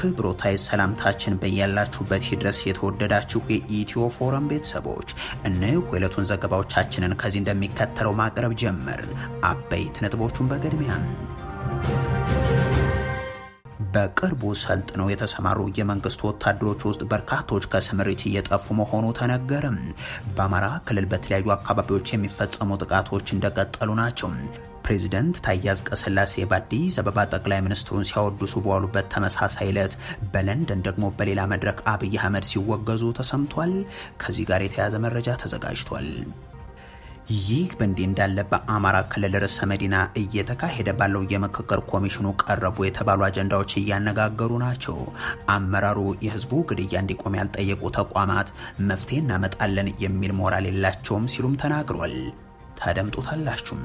አክብሮታዊ ሰላምታችን በያላችሁበት ይድረስ። የተወደዳችሁ የኢትዮ ፎረም ቤተሰቦች እነሆ የዕለቱን ዘገባዎቻችንን ከዚህ እንደሚከተለው ማቅረብ ጀመርን። አበይት ነጥቦቹን በቅድሚያ በቅርቡ ሰልጥነው የተሰማሩ የመንግስት ወታደሮች ውስጥ በርካቶች ከስምሪት እየጠፉ መሆኑ ተነገረም። በአማራ ክልል በተለያዩ አካባቢዎች የሚፈጸሙ ጥቃቶች እንደቀጠሉ ናቸው። ፕሬዚደንት ታዬ አጽቀሥላሴ በአዲስ አበባ ጠቅላይ ሚኒስትሩን ሲያወድሱ በዋሉበት ተመሳሳይ ዕለት በለንደን ደግሞ በሌላ መድረክ አብይ አህመድ ሲወገዙ ተሰምቷል። ከዚህ ጋር የተያያዘ መረጃ ተዘጋጅቷል። ይህ በእንዲህ እንዳለ በአማራ ክልል ርዕሰ መዲና እየተካሄደ ባለው የምክክር ኮሚሽኑ ቀረቡ የተባሉ አጀንዳዎች እያነጋገሩ ናቸው። አመራሩ የህዝቡ ግድያ እንዲቆም ያልጠየቁ ተቋማት መፍትሄ እናመጣለን የሚል ሞራል የላቸውም ሲሉም ተናግሯል። ታደምጡታላችሁም።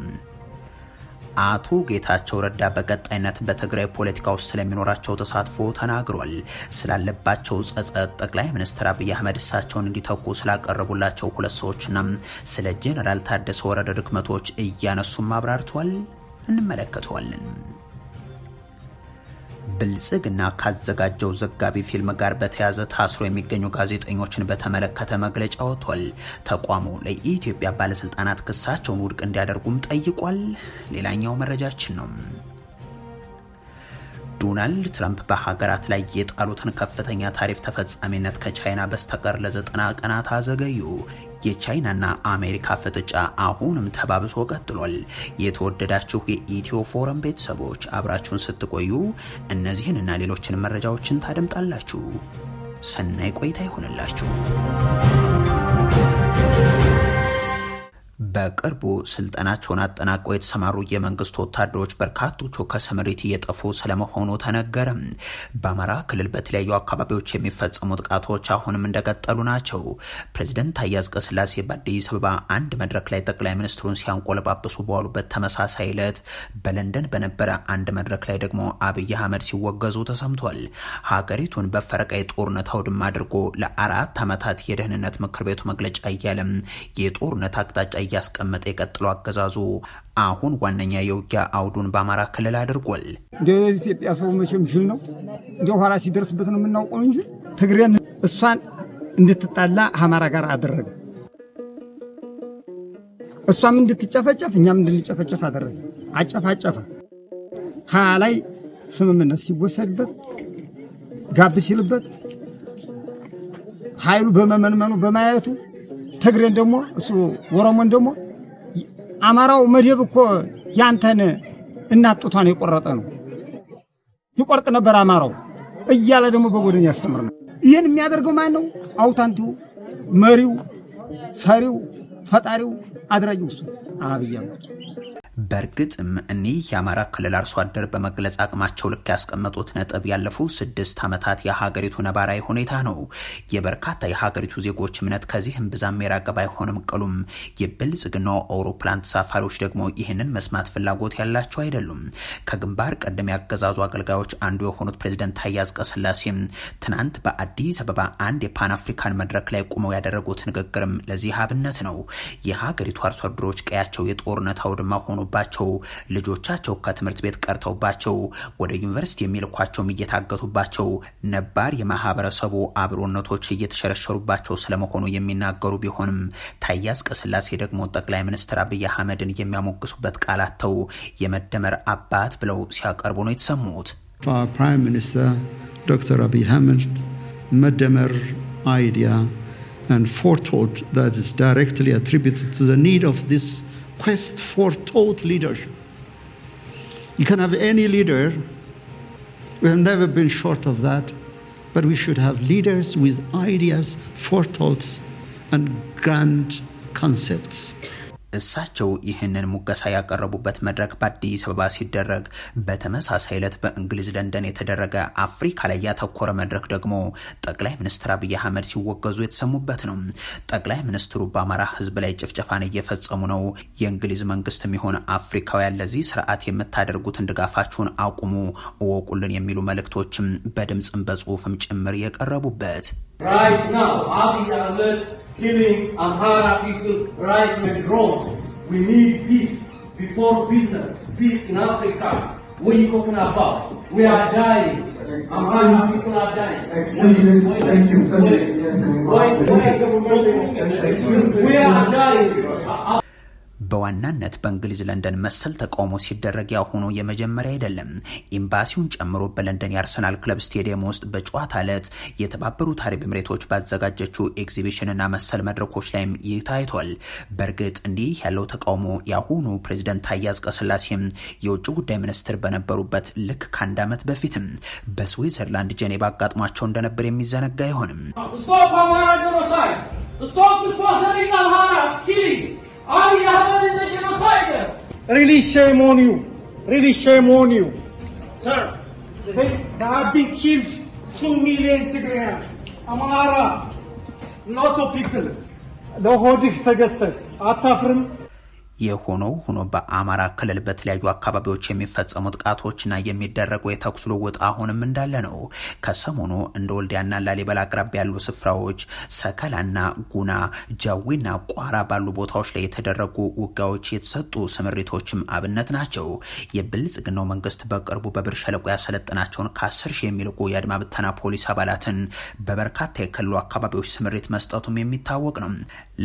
አቶ ጌታቸው ረዳ በቀጣይነት በትግራይ ፖለቲካ ውስጥ ስለሚኖራቸው ተሳትፎ ተናግሯል። ስላለባቸው ጸጸት ጠቅላይ ሚኒስትር አብይ አህመድ እሳቸውን እንዲተኩ ስላቀረቡላቸው ሁለት ሰዎችና ስለ ጄኔራል ታደሰ ወረደ ድክመቶች እያነሱም አብራርቷል። እንመለከተዋለን። ብልጽግና ካዘጋጀው ዘጋቢ ፊልም ጋር በተያዘ ታስሮ የሚገኙ ጋዜጠኞችን በተመለከተ መግለጫ ወጥቷል። ተቋሙ ለኢትዮጵያ ባለስልጣናት ክሳቸውን ውድቅ እንዲያደርጉም ጠይቋል። ሌላኛው መረጃችን ነው። ዶናልድ ትራምፕ በሀገራት ላይ የጣሉትን ከፍተኛ ታሪፍ ተፈጻሚነት ከቻይና በስተቀር ለዘጠና ቀናት አዘገዩ። የቻይናና አሜሪካ ፍጥጫ አሁንም ተባብሶ ቀጥሏል። የተወደዳችሁ የኢትዮ ፎረም ቤተሰቦች አብራችሁን ስትቆዩ እነዚህን እና ሌሎችን መረጃዎችን ታደምጣላችሁ። ሰናይ ቆይታ ይሆንላችሁ። በቅርቡ ስልጠናቸውን አጠናቀው የተሰማሩ የመንግስት ወታደሮች በርካቶቹ ከስምሪት እየጠፉ ስለመሆኑ ተነገረም። በአማራ ክልል በተለያዩ አካባቢዎች የሚፈጸሙ ጥቃቶች አሁንም እንደቀጠሉ ናቸው። ፕሬዚደንት ታዬ አጽቀሥላሴ በአዲስ አበባ አንድ መድረክ ላይ ጠቅላይ ሚኒስትሩን ሲያንቆለባበሱ በዋሉበት ተመሳሳይ ዕለት በለንደን በነበረ አንድ መድረክ ላይ ደግሞ አብይ አህመድ ሲወገዙ ተሰምቷል። ሀገሪቱን በፈረቃይ ጦርነት አውድማ አድርጎ ለአራት ዓመታት የደህንነት ምክር ቤቱ መግለጫ እያለም የጦርነት አቅጣጫ እያስቀመጠ የቀጥለው አገዛዙ አሁን ዋነኛ የውጊያ አውዱን በአማራ ክልል አድርጓል። እንደዚህ ኢትዮጵያ ሰው መቼም ሽል ነው እንደ ኋላ ሲደርስበት ነው የምናውቀው እንጂ ትግሬን እሷን እንድትጣላ አማራ ጋር አደረገ። እሷም እንድትጨፈጨፍ እኛም እንድንጨፈጨፍ አደረገ። አጨፋጨፈ። ሀያ ላይ ስምምነት ሲወሰድበት ጋብ ሲልበት ኃይሉ በመመንመኑ በማየቱ ትግሬን ደግሞ እሱ ወሮሞን ደግሞ አማራው መደብ እኮ ያንተን እናት ጡቷን የቆረጠ ነው ይቆርጥ ነበር አማራው እያለ ደግሞ በጎድን ያስተምር ነው። ይህን የሚያደርገው ማን ነው? አውታንቱ መሪው፣ ሰሪው፣ ፈጣሪው፣ አድራጊው እሱ አብይ አህመድ በእርግጥም እኒህ የአማራ ክልል አርሶ አደር በመግለጽ አቅማቸው ልክ ያስቀመጡት ነጥብ ያለፉ ስድስት ዓመታት የሀገሪቱ ነባራዊ ሁኔታ ነው። የበርካታ የሀገሪቱ ዜጎች እምነት ከዚህም ብዛም የራቀ ባይሆንም ቅሉም የብልጽግናው አውሮፕላን ተሳፋሪዎች ደግሞ ይህንን መስማት ፍላጎት ያላቸው አይደሉም። ከግንባር ቀደም ያገዛዙ አገልጋዮች አንዱ የሆኑት ፕሬዚደንት ታዬ አጽቀሥላሴም ትናንት በአዲስ አበባ አንድ የፓን አፍሪካን መድረክ ላይ ቁመው ያደረጉት ንግግርም ለዚህ አብነት ነው። የሀገሪቱ አርሶ አደሮች ቀያቸው የጦርነት አውድማ ሆኖ እየሆኑባቸው ልጆቻቸው ከትምህርት ቤት ቀርተውባቸው ወደ ዩኒቨርሲቲ የሚልኳቸውም እየታገቱባቸው ነባር የማህበረሰቡ አብሮነቶች እየተሸረሸሩባቸው ስለመሆኑ የሚናገሩ ቢሆንም ታዬ አጽቀሥላሴ ደግሞ ጠቅላይ ሚኒስትር አብይ አህመድን የሚያሞግሱበት ተው የመደመር አባት ብለው ሲያቀርቡ ነው የተሰሙት። ፕራይም ሚኒስተር ዶክተር አብይ አህመድ መደመር አይዲያ and forethought that is directly attributed to the need of this quest for thought leadership. You can have any leader. We have never been short of that. But we should have leaders with ideas, forethoughts, and grand concepts. እሳቸው ይህንን ሙገሳ ያቀረቡበት መድረክ በአዲስ አበባ ሲደረግ በተመሳሳይ ዕለት በእንግሊዝ ለንደን የተደረገ አፍሪካ ላይ ያተኮረ መድረክ ደግሞ ጠቅላይ ሚኒስትር አብይ አህመድ ሲወገዙ የተሰሙበት ነው። ጠቅላይ ሚኒስትሩ በአማራ ህዝብ ላይ ጭፍጨፋን እየፈጸሙ ነው፣ የእንግሊዝ መንግስት የሚሆን አፍሪካውያን ለዚህ ስርዓት የምታደርጉትን ድጋፋችሁን አቁሙ፣ እወቁልን የሚሉ መልእክቶችም በድምፅም በጽሁፍም ጭምር የቀረቡበት killing Amhara harm right and wrong. We need peace before business, peace in Africa. What are you talking about? We are dying. Amhara people are dying. Excuse me, thank you, sir. Yes, why, why, why, why, why, በዋናነት በእንግሊዝ ለንደን መሰል ተቃውሞ ሲደረግ ያሁኑ የመጀመሪያ አይደለም። ኤምባሲውን ጨምሮ በለንደን የአርሰናል ክለብ ስቴዲየም ውስጥ በጨዋታ ዕለት የተባበሩት አረብ ኤምሬቶች ባዘጋጀችው ኤግዚቢሽንና መሰል መድረኮች ላይም ይህ ታይቷል። በእርግጥ እንዲህ ያለው ተቃውሞ ያሁኑ ፕሬዚደንት ታዬ አጽቀሥላሴም የውጭ ጉዳይ ሚኒስትር በነበሩበት ልክ ከአንድ ዓመት በፊትም በስዊዘርላንድ ጄኔቫ አጋጥሟቸው እንደነበር የሚዘነጋ አይሆንም። Ali Ahmed is a genocider. Really shame on you. Really shame on you. Sir, they, they have been killed 2 million Tigrayans. Amara, lots of people. The whole ለሆድህ ተገዝተህ አታፍርም? የሆነው ሆኖ በአማራ ክልል በተለያዩ አካባቢዎች የሚፈጸሙ ጥቃቶችና የሚደረጉ የተኩስ ልውውጥ አሁንም እንዳለ ነው። ከሰሞኑ እንደ ወልዲያና ላሊበላ አቅራቢ ያሉ ስፍራዎች፣ ሰከላና ጉና፣ ጃዊና ቋራ ባሉ ቦታዎች ላይ የተደረጉ ውጋዎች የተሰጡ ስምሪቶችም አብነት ናቸው። የብልጽግናው መንግስት በቅርቡ በብር ሸለቆ ያሰለጠናቸውን ከአስር ሺህ የሚልቁ የአድማ ብተና ፖሊስ አባላትን በበርካታ የክልሉ አካባቢዎች ስምሪት መስጠቱም የሚታወቅ ነው።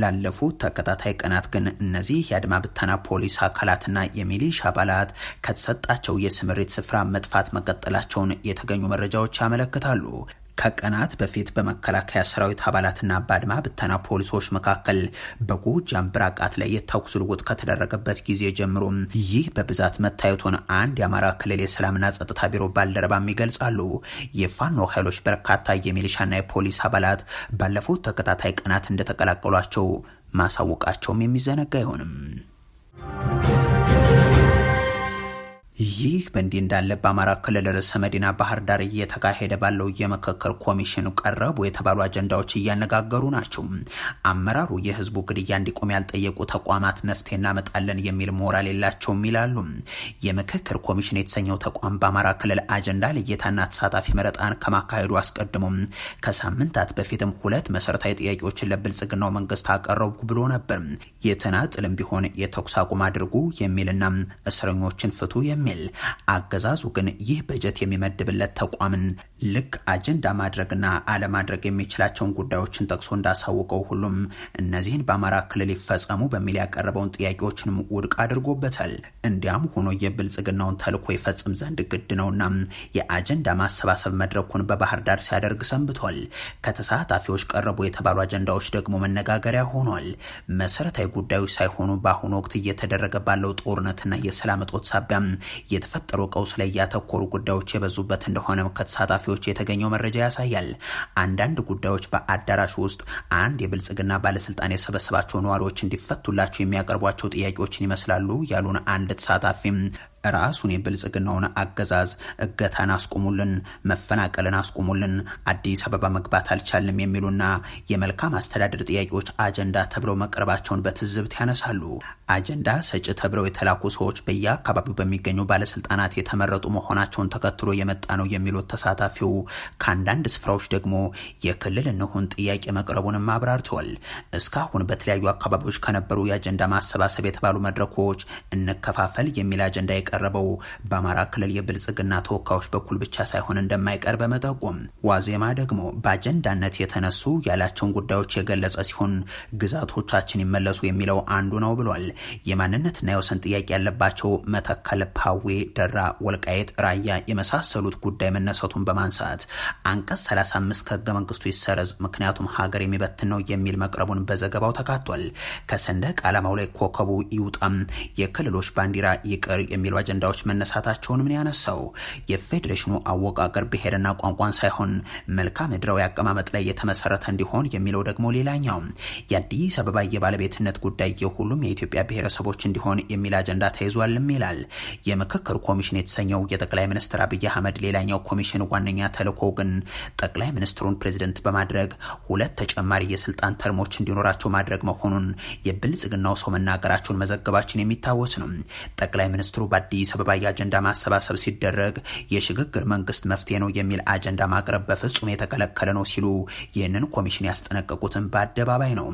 ላለፉት ተከታታይ ቀናት ግን እነዚህ የአድማ ብተና ፖሊስ አካላትና የሚሊሻ አባላት ከተሰጣቸው የስምሪት ስፍራ መጥፋት መቀጠላቸውን የተገኙ መረጃዎች ያመለክታሉ። ከቀናት በፊት በመከላከያ ሰራዊት አባላትና በአድማ ብተና ፖሊሶች መካከል በጎጃም ብራቃት ላይ የተኩስ ልውውጥ ከተደረገበት ጊዜ ጀምሮ ይህ በብዛት መታየቱን አንድ የአማራ ክልል የሰላምና ጸጥታ ቢሮ ባልደረባም ይገልጻሉ። የፋኖ ኃይሎች በርካታ የሚሊሻና የፖሊስ አባላት ባለፉት ተከታታይ ቀናት እንደተቀላቀሏቸው ማሳወቃቸውም የሚዘነጋ አይሆንም። Thank you. ይህ በእንዲህ እንዳለ በአማራ ክልል ርዕሰ መዲና ባህር ዳር እየተካሄደ ባለው የምክክር ኮሚሽኑ ቀረቡ የተባሉ አጀንዳዎች እያነጋገሩ ናቸው። አመራሩ የህዝቡ ግድያ እንዲቆም ያልጠየቁ ተቋማት መፍትሄ እናመጣለን የሚል ሞራል የላቸውም ይላሉ። የምክክር ኮሚሽን የተሰኘው ተቋም በአማራ ክልል አጀንዳ ልየታና ተሳታፊ መረጣን ከማካሄዱ አስቀድሞ ከሳምንታት በፊትም ሁለት መሰረታዊ ጥያቄዎችን ለብልጽግናው መንግስት አቀረቡ ብሎ ነበር። የተናጥልም ቢሆን የተኩስ አቁም አድርጉ የሚልና እስረኞችን ፍቱ የሚል በሚል አገዛዙ ግን ይህ በጀት የሚመድብለት ተቋምን ልክ አጀንዳ ማድረግና አለማድረግ የሚችላቸውን ጉዳዮችን ጠቅሶ እንዳሳውቀው ሁሉም እነዚህን በአማራ ክልል ይፈጸሙ በሚል ያቀረበውን ጥያቄዎችንም ውድቅ አድርጎበታል። እንዲያም ሆኖ የብልጽግናውን ተልዕኮ ይፈጽም ዘንድ ግድ ነውና የአጀንዳ ማሰባሰብ መድረኩን በባህር ዳር ሲያደርግ ሰንብቷል። ከተሳታፊዎች ቀረቡ የተባሉ አጀንዳዎች ደግሞ መነጋገሪያ ሆኗል። መሰረታዊ ጉዳዮች ሳይሆኑ በአሁኑ ወቅት እየተደረገ ባለው ጦርነትና የሰላም እጦት ሳቢያም የተፈጠረው ቀውስ ላይ ያተኮሩ ጉዳዮች የበዙበት እንደሆነ ከተሳታፊዎች የተገኘው መረጃ ያሳያል። አንዳንድ ጉዳዮች በአዳራሹ ውስጥ አንድ የብልጽግና ባለስልጣን የሰበሰባቸው ነዋሪዎች እንዲፈቱላቸው የሚያቀርቧቸው ጥያቄዎችን ይመስላሉ ያሉን አንድ ተሳታፊም ራሱን የብልጽግናውን አገዛዝ እገታን አስቁሙልን፣ መፈናቀልን አስቁሙልን፣ አዲስ አበባ መግባት አልቻልም የሚሉና የመልካም አስተዳደር ጥያቄዎች አጀንዳ ተብለው መቅረባቸውን በትዝብት ያነሳሉ። አጀንዳ ሰጭ ተብለው የተላኩ ሰዎች በየአካባቢው በሚገኙ ባለስልጣናት የተመረጡ መሆናቸውን ተከትሎ የመጣ ነው የሚሉት ተሳታፊው፣ ከአንዳንድ ስፍራዎች ደግሞ የክልል እንሁን ጥያቄ መቅረቡንም አብራርተዋል። እስካሁን በተለያዩ አካባቢዎች ከነበሩ የአጀንዳ ማሰባሰብ የተባሉ መድረኮች እንከፋፈል የሚል አጀንዳ የቀረበው በአማራ ክልል የብልጽግና ተወካዮች በኩል ብቻ ሳይሆን እንደማይቀር በመጠቆም ዋዜማ ደግሞ በአጀንዳነት የተነሱ ያላቸውን ጉዳዮች የገለጸ ሲሆን ግዛቶቻችን ይመለሱ የሚለው አንዱ ነው ብሏል። የማንነትና የወሰን ጥያቄ ያለባቸው መተከል፣ ፓዌ፣ ደራ፣ ወልቃየት፣ ራያ የመሳሰሉት ጉዳይ መነሳቱን በማንሳት አንቀጽ 35 ከህገ መንግስቱ ይሰረዝ፣ ምክንያቱም ሀገር የሚበትን ነው የሚል መቅረቡን በዘገባው ተካቷል። ከሰንደቅ ዓላማው ላይ ኮከቡ ይውጣም፣ የክልሎች ባንዲራ ይቅር የሚ አጀንዳዎች መነሳታቸውን ምን ያነሳው የፌዴሬሽኑ አወቃቀር ብሔርና ቋንቋን ሳይሆን መልክዓ ምድራዊ አቀማመጥ ላይ የተመሰረተ እንዲሆን የሚለው ደግሞ ሌላኛው የአዲስ አበባ የባለቤትነት ጉዳይ የሁሉም የኢትዮጵያ ብሔረሰቦች እንዲሆን የሚል አጀንዳ ተይዟልም ይላል የምክክር ኮሚሽን የተሰኘው የጠቅላይ ሚኒስትር አብይ አህመድ ሌላኛው ኮሚሽን ዋነኛ ተልኮ ግን ጠቅላይ ሚኒስትሩን ፕሬዝደንት በማድረግ ሁለት ተጨማሪ የስልጣን ተርሞች እንዲኖራቸው ማድረግ መሆኑን የብልጽግናው ሰው መናገራቸውን መዘገባችን የሚታወስ ነው። ጠቅላይ ሚኒስትሩ አዲስ አበባ የአጀንዳ ማሰባሰብ ሲደረግ የሽግግር መንግስት መፍትሄ ነው የሚል አጀንዳ ማቅረብ በፍጹም የተከለከለ ነው ሲሉ ይህንን ኮሚሽን ያስጠነቀቁትን በአደባባይ ነው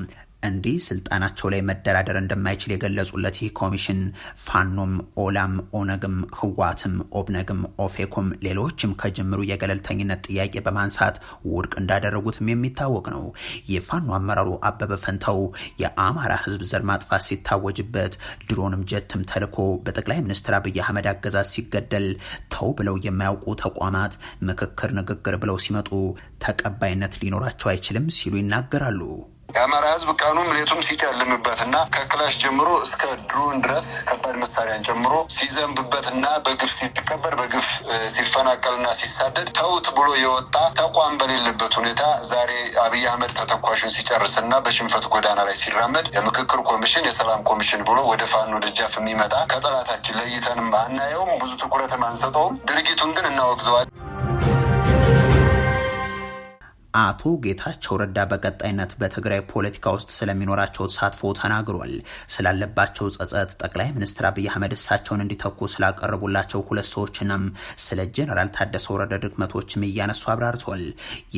እንዲህ ስልጣናቸው ላይ መደራደር እንደማይችል የገለጹለት ይህ ኮሚሽን ፋኖም፣ ኦላም፣ ኦነግም፣ ህዋትም፣ ኦብነግም፣ ኦፌኮም ሌሎችም ከጅምሩ የገለልተኝነት ጥያቄ በማንሳት ውድቅ እንዳደረጉትም የሚታወቅ ነው። የፋኖ አመራሩ አበበ ፈንተው የአማራ ህዝብ ዘር ማጥፋት ሲታወጅበት ድሮንም ጀትም ተልኮ በጠቅላይ ሚኒስትር አብይ አህመድ አገዛዝ ሲገደል ተው ብለው የማያውቁ ተቋማት ምክክር፣ ንግግር ብለው ሲመጡ ተቀባይነት ሊኖራቸው አይችልም ሲሉ ይናገራሉ። የአማራ ህዝብ ቀኑም ሌቱም ሲጨልምበትና እና ከክላሽ ጀምሮ እስከ ድሮን ድረስ ከባድ መሳሪያን ጨምሮ ሲዘንብበት እና በግፍ ሲቀበር በግፍ ሲፈናቀልና ሲሳደድ ተውት ብሎ የወጣ ተቋም በሌለበት ሁኔታ ዛሬ አብይ አህመድ ተተኳሹን ሲጨርስ በሽንፈት ጎዳና ላይ ሲራመድ የምክክር ኮሚሽን የሰላም ኮሚሽን ብሎ ወደ ፋኖ ደጃፍ የሚመጣ ከጠላታችን ለይተንም አናየውም፣ ብዙ ትኩረትም አንሰጠውም። ድርጊቱን ግን እናወግዘዋል። አቶ ጌታቸው ረዳ በቀጣይነት በትግራይ ፖለቲካ ውስጥ ስለሚኖራቸው ተሳትፎ ተናግሯል። ስላለባቸው ጸጸት ጠቅላይ ሚኒስትር አብይ አህመድ እሳቸውን እንዲተኩ ስላቀረቡላቸው ሁለት ሰዎችንም ስለ ጀነራል ታደሰ ወረደ ድክመቶችም እያነሱ አብራርቷል።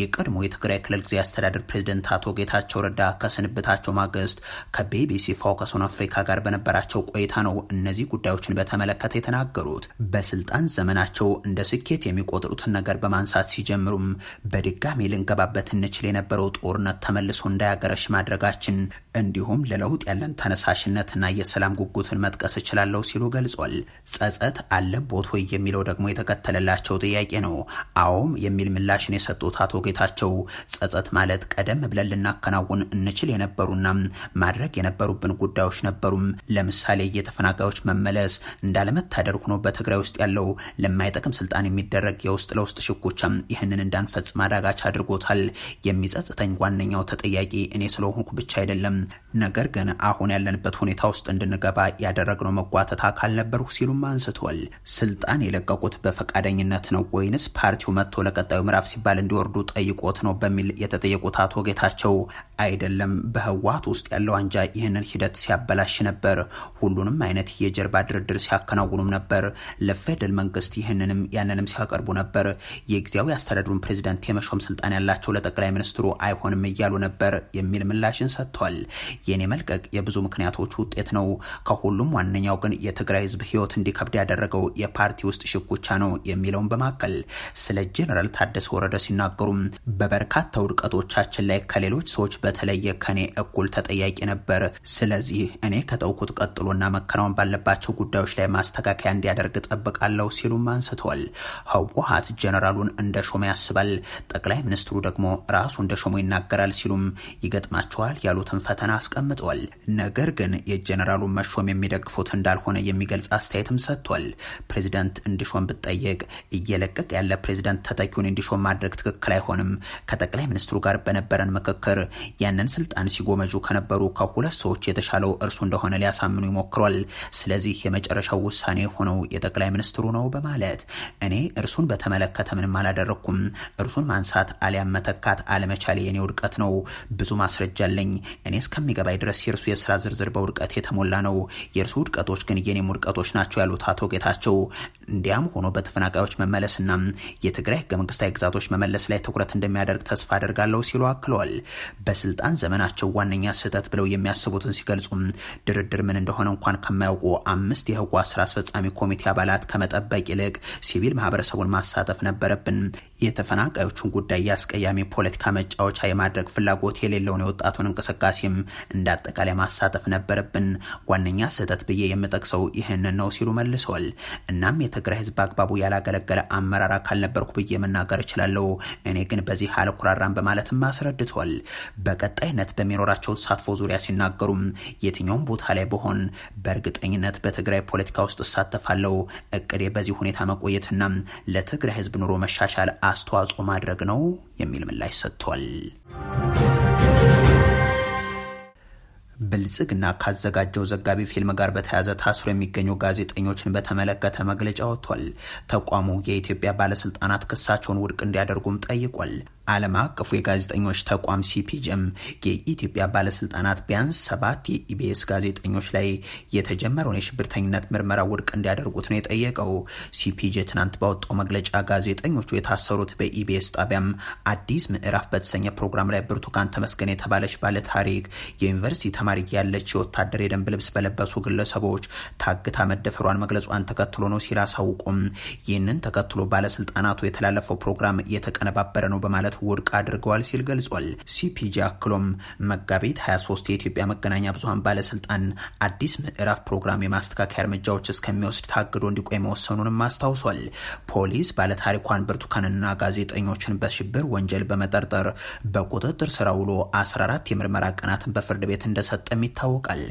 የቀድሞ የትግራይ ክልል ጊዜ አስተዳደር ፕሬዝደንት አቶ ጌታቸው ረዳ ከስንብታቸው ማግስት ከቢቢሲ ፎከሶን አፍሪካ ጋር በነበራቸው ቆይታ ነው እነዚህ ጉዳዮችን በተመለከተ የተናገሩት። በስልጣን ዘመናቸው እንደ ስኬት የሚቆጥሩትን ነገር በማንሳት ሲጀምሩም በድጋሚ ልንገባ ልንገባበት እንችል የነበረው ጦርነት ተመልሶ እንዳያገረሽ ማድረጋችን እንዲሁም ለለውጥ ያለን ተነሳሽነትና የሰላም ጉጉትን መጥቀስ እችላለሁ ሲሉ ገልጿል። ጸጸት አለቦት ወይ የሚለው ደግሞ የተከተለላቸው ጥያቄ ነው። አዎም የሚል ምላሽን የሰጡት አቶ ጌታቸው ጸጸት ማለት ቀደም ብለን ልናከናውን እንችል የነበሩና ማድረግ የነበሩብን ጉዳዮች ነበሩም። ለምሳሌ የተፈናቃዮች መመለስ እንዳለመታደር ሆኖ በትግራይ ውስጥ ያለው ለማይጠቅም ስልጣን የሚደረግ የውስጥ ለውስጥ ሽኩቻም ይህንን እንዳንፈጽም አዳጋች አድርጎታል። ተናግረዋል። የሚጸጽተኝ ዋነኛው ተጠያቂ እኔ ስለሆንኩ ብቻ አይደለም፣ ነገር ግን አሁን ያለንበት ሁኔታ ውስጥ እንድንገባ ያደረግነው መጓተት አካል ነበርሁ ሲሉም አንስተዋል። ስልጣን የለቀቁት በፈቃደኝነት ነው ወይንስ ፓርቲው መጥቶ ለቀጣዩ ምዕራፍ ሲባል እንዲወርዱ ጠይቆት ነው በሚል የተጠየቁት አቶ ጌታቸው አይደለም፣ በህወሓት ውስጥ ያለው አንጃ ይህንን ሂደት ሲያበላሽ ነበር፣ ሁሉንም አይነት የጀርባ ድርድር ሲያከናውኑም ነበር፣ ለፌደራል መንግስት ይህንንም ያንንም ሲያቀርቡ ነበር። የጊዜያዊ አስተዳደሩን ፕሬዚዳንት የመሾም ስልጣን ያላቸው ለጠቅላይ ሚኒስትሩ አይሆንም እያሉ ነበር የሚል ምላሽን ሰጥቷል። የኔ መልቀቅ የብዙ ምክንያቶች ውጤት ነው። ከሁሉም ዋነኛው ግን የትግራይ ህዝብ ህይወት እንዲከብድ ያደረገው የፓርቲ ውስጥ ሽኩቻ ነው የሚለውን በማከል ስለ ጄኔራል ታደሰ ወረደ ሲናገሩም በበርካታ ውድቀቶቻችን ላይ ከሌሎች ሰዎች በተለየ ከኔ እኩል ተጠያቂ ነበር። ስለዚህ እኔ ከተውኩት ቀጥሎና መከናወን ባለባቸው ጉዳዮች ላይ ማስተካከያ እንዲያደርግ ጠብቃለሁ ሲሉም አንስተዋል። ህወሀት ጄኔራሉን እንደ ሾመ ያስባል። ጠቅላይ ሚኒስትሩ ደግሞ ራሱ እንደሾሙ ይናገራል ሲሉም ይገጥማቸዋል ያሉትን ፈተና አስቀምጧል። ነገር ግን የጀኔራሉ መሾም የሚደግፉት እንዳልሆነ የሚገልጽ አስተያየትም ሰጥቷል። ፕሬዚደንት እንዲሾም ብጠየቅ እየለቀቅ ያለ ፕሬዚደንት ተተኪውን እንዲሾም ማድረግ ትክክል አይሆንም። ከጠቅላይ ሚኒስትሩ ጋር በነበረን ምክክር ያንን ስልጣን ሲጎመጁ ከነበሩ ከሁለት ሰዎች የተሻለው እርሱ እንደሆነ ሊያሳምኑ ይሞክሯል። ስለዚህ የመጨረሻው ውሳኔ ሆነው የጠቅላይ ሚኒስትሩ ነው በማለት እኔ እርሱን በተመለከተ ምንም አላደረግኩም እርሱን ማንሳት አሊያም መተካት አለመቻል የኔ ውድቀት ነው። ብዙ ማስረጃ አለኝ። እኔ እስከሚገባይ ድረስ የእርሱ የስራ ዝርዝር በውድቀት የተሞላ ነው። የእርሱ ውድቀቶች ግን የኔም ውድቀቶች ናቸው ያሉት አቶ ጌታቸው እንዲያም ሆኖ በተፈናቃዮች መመለስና የትግራይ ህገ መንግስታዊ ግዛቶች መመለስ ላይ ትኩረት እንደሚያደርግ ተስፋ አደርጋለሁ ሲሉ አክለዋል። በስልጣን ዘመናቸው ዋነኛ ስህተት ብለው የሚያስቡትን ሲገልጹ ድርድር ምን እንደሆነ እንኳን ከማያውቁ አምስት የህወሓት ስራ አስፈጻሚ ኮሚቴ አባላት ከመጠበቅ ይልቅ ሲቪል ማህበረሰቡን ማሳተፍ ነበረብን። የተፈናቃዮቹን ጉዳይ የአስቀያሚ ፖለቲካ መጫወቻ የማድረግ ፍላጎት የሌለውን የወጣቱን እንቅስቃሴም እንደ አጠቃላይ ማሳተፍ ነበረብን። ዋነኛ ስህተት ብዬ የምጠቅሰው ይህንን ነው ሲሉ መልሰዋል። እናም ትግራይ ህዝብ አግባቡ ያላገለገለ አመራር አካል ነበርኩ ብዬ መናገር እችላለሁ። እኔ ግን በዚህ አልኩራራም በማለትም አስረድቷል። በቀጣይነት በሚኖራቸው ተሳትፎ ዙሪያ ሲናገሩም የትኛውም ቦታ ላይ በሆን በእርግጠኝነት በትግራይ ፖለቲካ ውስጥ እሳተፋለሁ። እቅዴ በዚህ ሁኔታ መቆየትና ለትግራይ ህዝብ ኑሮ መሻሻል አስተዋጽኦ ማድረግ ነው የሚል ምላሽ ሰጥቷል። ብልጽግና ካዘጋጀው ዘጋቢ ፊልም ጋር በተያያዘ ታስሮ የሚገኙ ጋዜጠኞችን በተመለከተ መግለጫ ወጥቷል። ተቋሙ የኢትዮጵያ ባለስልጣናት ክሳቸውን ውድቅ እንዲያደርጉም ጠይቋል። ዓለም አቀፉ የጋዜጠኞች ተቋም ሲፒጅም የኢትዮጵያ ባለስልጣናት ቢያንስ ሰባት የኢቢኤስ ጋዜጠኞች ላይ የተጀመረውን የሽብርተኝነት ምርመራ ውድቅ እንዲያደርጉት ነው የጠየቀው። ሲፒጄ ትናንት ባወጣው መግለጫ ጋዜጠኞቹ የታሰሩት በኢቢኤስ ጣቢያም አዲስ ምዕራፍ በተሰኘ ፕሮግራም ላይ ብርቱካን ተመስገን የተባለች ባለ ታሪክ የዩኒቨርሲቲ ተማሪ ያለች የወታደር የደንብ ልብስ በለበሱ ግለሰቦች ታግታ መደፈሯን መግለጿን ተከትሎ ነው ሲል አሳውቁም። ይህንን ተከትሎ ባለስልጣናቱ የተላለፈው ፕሮግራም እየተቀነባበረ ነው በማለት ውድቅ አድርገዋል ሲል ገልጿል። ሲፒጂ አክሎም መጋቢት 23 የኢትዮጵያ መገናኛ ብዙሀን ባለስልጣን አዲስ ምዕራፍ ፕሮግራም የማስተካከያ እርምጃዎች እስከሚወስድ ታግዶ እንዲቆይ መወሰኑንም አስታውሷል። ፖሊስ ባለታሪኳን ብርቱካንና ጋዜጠኞችን በሽብር ወንጀል በመጠርጠር በቁጥጥር ስራ ውሎ 14 የምርመራ ቀናትን በፍርድ ቤት እንደሰጠም ይታወቃል።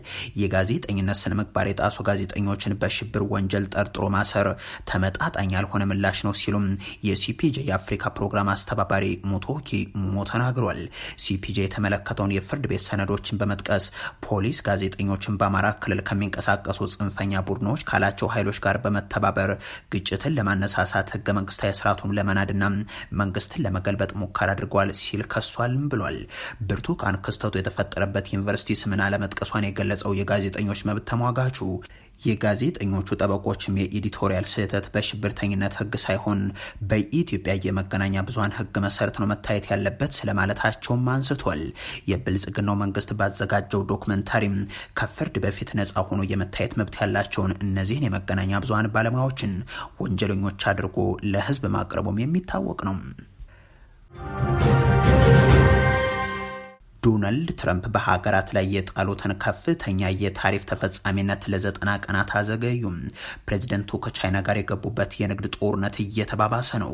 የጋዜጠኝነት ስነ ምግባር የጣሱ ጋዜጠኞችን በሽብር ወንጀል ጠርጥሮ ማሰር ተመጣጣኝ ያልሆነ ምላሽ ነው ሲሉም የሲፒጂ የአፍሪካ ፕሮግራም አስተባባሪ ሙቶኪ ሞ ተናግሯል። ሲፒጄ የተመለከተውን የፍርድ ቤት ሰነዶችን በመጥቀስ ፖሊስ ጋዜጠኞችን በአማራ ክልል ከሚንቀሳቀሱ ጽንፈኛ ቡድኖች ካላቸው ኃይሎች ጋር በመተባበር ግጭትን ለማነሳሳት ህገ መንግስታዊ ስርዓቱን ለመናድና መንግስትን ለመገልበጥ ሙከራ አድርጓል ሲል ከሷልም ብሏል። ብርቱካን ክስተቱ የተፈጠረበት ዩኒቨርሲቲ ስምን አለመጥቀሷን የገለጸው የጋዜጠኞች መብት ተሟጋቹ የጋዜጠኞቹ ጠበቆችም የኤዲቶሪያል ስህተት በሽብርተኝነት ህግ ሳይሆን በኢትዮጵያ የመገናኛ ብዙሀን ህግ መሰረት ነው መታየት ያለበት ስለማለታቸውም አንስቷል። የብልጽግናው መንግስት ባዘጋጀው ዶክመንታሪም ከፍርድ በፊት ነፃ ሆኖ የመታየት መብት ያላቸውን እነዚህን የመገናኛ ብዙሀን ባለሙያዎችን ወንጀለኞች አድርጎ ለህዝብ ማቅረቡም የሚታወቅ ነው። ዶናልድ ትራምፕ በሀገራት ላይ የጣሉትን ከፍተኛ የታሪፍ ተፈጻሚነት ለዘጠና ቀናት አዘገዩም። ፕሬዚደንቱ ከቻይና ጋር የገቡበት የንግድ ጦርነት እየተባባሰ ነው።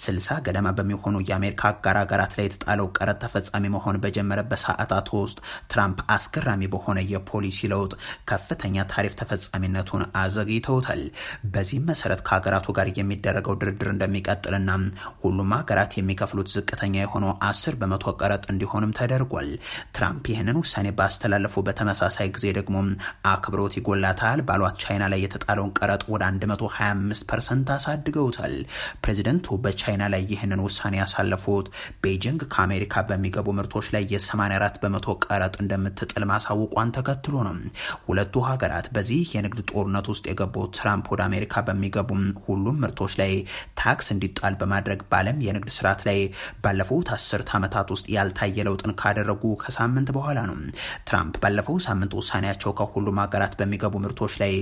ስልሳ ገደማ በሚሆኑ የአሜሪካ አጋር ሀገራት ላይ የተጣለው ቀረጥ ተፈጻሚ መሆን በጀመረበት ሰዓታት ውስጥ ትራምፕ አስገራሚ በሆነ የፖሊሲ ለውጥ ከፍተኛ ታሪፍ ተፈጻሚነቱን አዘግይተውታል። በዚህም መሰረት ከሀገራቱ ጋር የሚደረገው ድርድር እንደሚቀጥልና ሁሉም ሀገራት የሚከፍሉት ዝቅተኛ የሆነው አስር በመቶ ቀረጥ እንዲሆንም ተደርጓል። ትራምፕ ይህንን ውሳኔ ባስተላለፉ በተመሳሳይ ጊዜ ደግሞ አክብሮት ይጎላታል ባሏት ቻይና ላይ የተጣለውን ቀረጥ ወደ 125 ፐርሰንት አሳድገውታል። ፕሬዚደንቱ በቻይና ላይ ይህንን ውሳኔ ያሳለፉት ቤጂንግ ከአሜሪካ በሚገቡ ምርቶች ላይ የ84 በመቶ ቀረጥ እንደምትጥል ማሳወቋን ተከትሎ ነው። ሁለቱ ሀገራት በዚህ የንግድ ጦርነት ውስጥ የገቡት ትራምፕ ወደ አሜሪካ በሚገቡ ሁሉም ምርቶች ላይ ታክስ እንዲጣል በማድረግ በዓለም የንግድ ስርዓት ላይ ባለፉት አስርት ዓመታት ውስጥ ያልታየ ለውጥን ካደረጉ ከሳምንት በኋላ ነው። ትራምፕ ባለፈው ሳምንት ውሳኔያቸው ከሁሉም ሀገራት በሚገቡ ምርቶች ላይ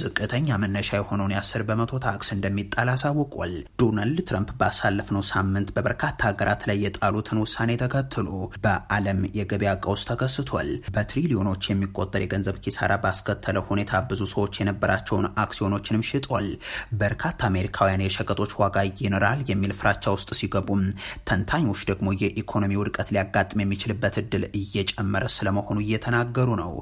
ዝቅተኛ መነሻ የሆነውን የአስር በመቶ ታክስ እንደሚጣል አሳውቋል። ዶናልድ ትራምፕ ባሳለፍነው ሳምንት በበርካታ ሀገራት ላይ የጣሉትን ውሳኔ ተከትሎ በዓለም የገበያ ቀውስ ተከስቷል። በትሪሊዮኖች የሚቆጠር የገንዘብ ኪሳራ ባስከተለ ሁኔታ ብዙ ሰዎች የነበራቸውን አክሲዮኖችንም ሽጧል። በርካታ አሜሪካውያን የሸቀጦች ዋጋ ይኖራል የሚል ፍራቻ ውስጥ ሲገቡም፣ ተንታኞች ደግሞ የኢኮኖሚ ውድቀት ሊያጋጥም የሚችልበት እድል እየጨመረ ስለመሆኑ እየተናገሩ ነው።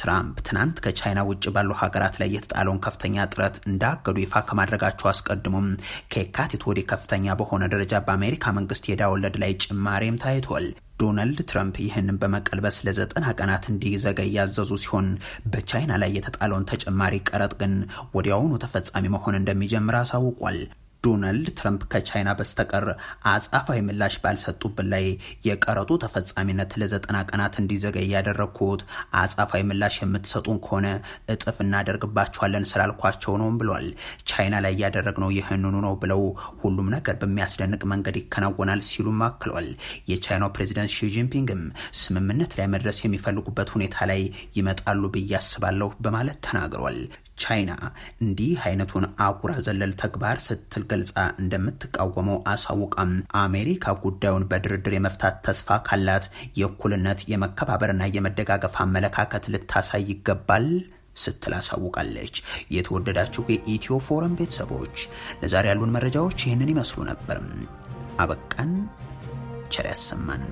ትራምፕ ትናንት ከቻይና ውጭ ባሉ ሀገራት ላይ የተጣለውን ከፍተኛ ጥረት እንዳገዱ ይፋ ከማድረጋቸው አስቀድሞም ከየካቲት ወዲህ ከፍተኛ በሆነ ደረጃ በአሜሪካ መንግስት የዕዳ ወለድ ላይ ጭማሬም ታይቷል። ዶናልድ ትራምፕ ይህንን በመቀልበስ ለዘጠና ቀናት እንዲዘገይ ያዘዙ ሲሆን በቻይና ላይ የተጣለውን ተጨማሪ ቀረጥ ግን ወዲያውኑ ተፈጻሚ መሆን እንደሚጀምር አሳውቋል። ዶናልድ ትራምፕ ከቻይና በስተቀር አጻፋዊ ምላሽ ባልሰጡብን ላይ የቀረጡ ተፈጻሚነት ለዘጠና ቀናት እንዲዘገይ ያደረግኩት አጻፋዊ ምላሽ የምትሰጡን ከሆነ እጥፍ እናደርግባቸዋለን ስላልኳቸው ነውም ብሏል። ቻይና ላይ ያደረግነው ይህንኑ ነው ብለው ሁሉም ነገር በሚያስደንቅ መንገድ ይከናወናል ሲሉም አክሏል። የቻይናው ፕሬዚደንት ሺጂንፒንግም ስምምነት ላይ መድረስ የሚፈልጉበት ሁኔታ ላይ ይመጣሉ ብዬ አስባለሁ በማለት ተናግሯል። ቻይና እንዲህ አይነቱን አጉራ ዘለል ተግባር ስትል ገልጻ እንደምትቃወመው አሳውቃም አሜሪካ ጉዳዩን በድርድር የመፍታት ተስፋ ካላት የእኩልነት የመከባበርና የመደጋገፍ አመለካከት ልታሳይ ይገባል ስትል አሳውቃለች። የተወደዳችሁ የኢትዮ ፎረም ቤተሰቦች ለዛሬ ያሉን መረጃዎች ይህንን ይመስሉ ነበር። አበቃን። ቸር ያሰማን።